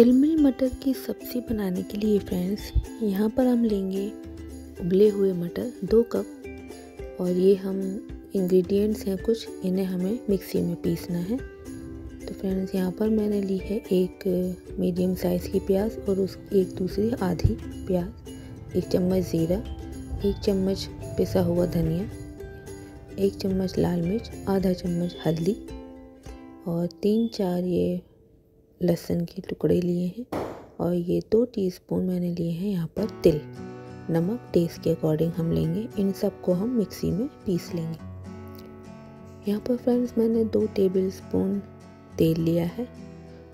तिल मटर की सब्ज़ी बनाने के लिए फ्रेंड्स यहाँ पर हम लेंगे उबले हुए मटर दो कप और ये हम इंग्रेडिएंट्स हैं कुछ इन्हें हमें मिक्सी में पीसना है तो फ्रेंड्स यहाँ पर मैंने ली है एक मीडियम साइज़ की प्याज और उस एक दूसरी आधी प्याज एक चम्मच ज़ीरा एक चम्मच पिसा हुआ धनिया एक चम्मच लाल मिर्च आधा चम्मच हल्दी और तीन चार ये लहसुन के टुकड़े लिए हैं और ये दो टीस्पून मैंने लिए हैं यहाँ पर तिल नमक टेस्ट के अकॉर्डिंग हम लेंगे इन सब को हम मिक्सी में पीस लेंगे यहाँ पर फ्रेंड्स मैंने दो टेबल स्पून तेल लिया है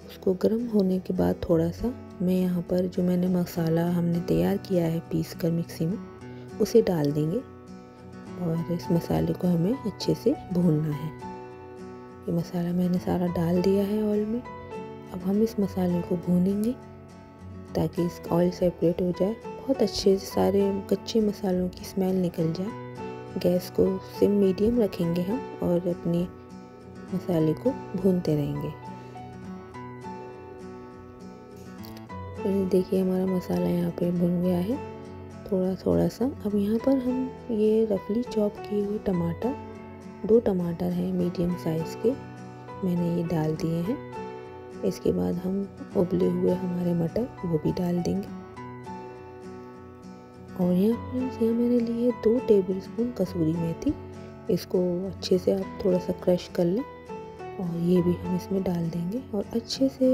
उसको गर्म होने के बाद थोड़ा सा मैं यहाँ पर जो मैंने मसाला हमने तैयार किया है पीस कर मिक्सी में उसे डाल देंगे और इस मसाले को हमें अच्छे से भूनना है ये मसाला मैंने सारा डाल दिया है ऑयल में अब हम इस मसाले को भूनेंगे ताकि इसका ऑयल सेपरेट हो जाए बहुत अच्छे से सारे कच्चे मसालों की स्मेल निकल जाए गैस को सिम मीडियम रखेंगे हम और अपने मसाले को भूनते रहेंगे देखिए हमारा मसाला यहाँ पे भुन गया है थोड़ा थोड़ा सा अब यहाँ पर हम ये रफली चॉप किए हुए टमाटर दो टमाटर हैं मीडियम साइज़ के मैंने ये डाल दिए हैं इसके बाद हम उबले हुए हमारे मटर वो भी डाल देंगे और यहाँ फ्रेंड्स यहाँ मैंने ली है दो टेबल स्पून कसूरी मेथी इसको अच्छे से आप थोड़ा सा क्रश कर लें और ये भी हम इसमें डाल देंगे और अच्छे से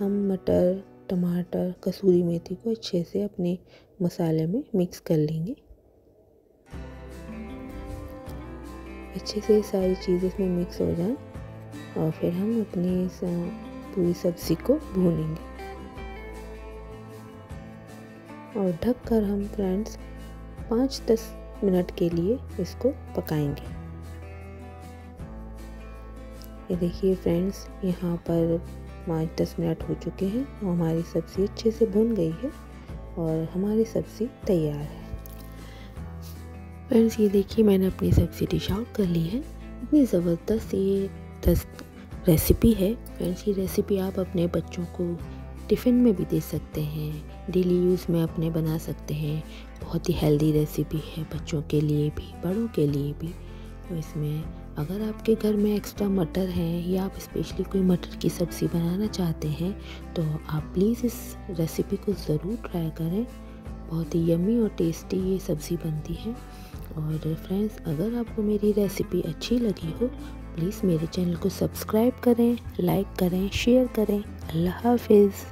हम मटर टमाटर कसूरी मेथी को अच्छे से अपने मसाले में मिक्स कर लेंगे अच्छे से सारी चीज़ इसमें मिक्स हो जाए और फिर हम अपने पूरी सब्जी को भूनेंगे और ढककर हम फ्रेंड्स पाँच दस मिनट के लिए इसको पकाएंगे ये देखिए फ्रेंड्स यहाँ पर पाँच दस मिनट हो चुके हैं और हमारी सब्ज़ी अच्छे से भुन गई है और हमारी सब्ज़ी तैयार है फ्रेंड्स ये देखिए मैंने अपनी सब्ज़ी डिश आउट कर ली है इतनी ज़बरदस्त ये दस रेसिपी है फ्रेंड्स ये रेसिपी आप अपने बच्चों को टिफ़िन में भी दे सकते हैं डेली यूज़ में अपने बना सकते हैं बहुत ही हेल्दी रेसिपी है बच्चों के लिए भी बड़ों के लिए भी तो इसमें अगर आपके घर में एक्स्ट्रा मटर हैं या आप स्पेशली कोई मटर की सब्ज़ी बनाना चाहते हैं तो आप प्लीज़ इस रेसिपी को ज़रूर ट्राई करें बहुत ही यमी और टेस्टी ये सब्ज़ी बनती है और फ्रेंड्स अगर आपको मेरी रेसिपी अच्छी लगी हो प्लीज़ मेरे चैनल को सब्सक्राइब करें लाइक करें शेयर करें अल्लाह हाफिज़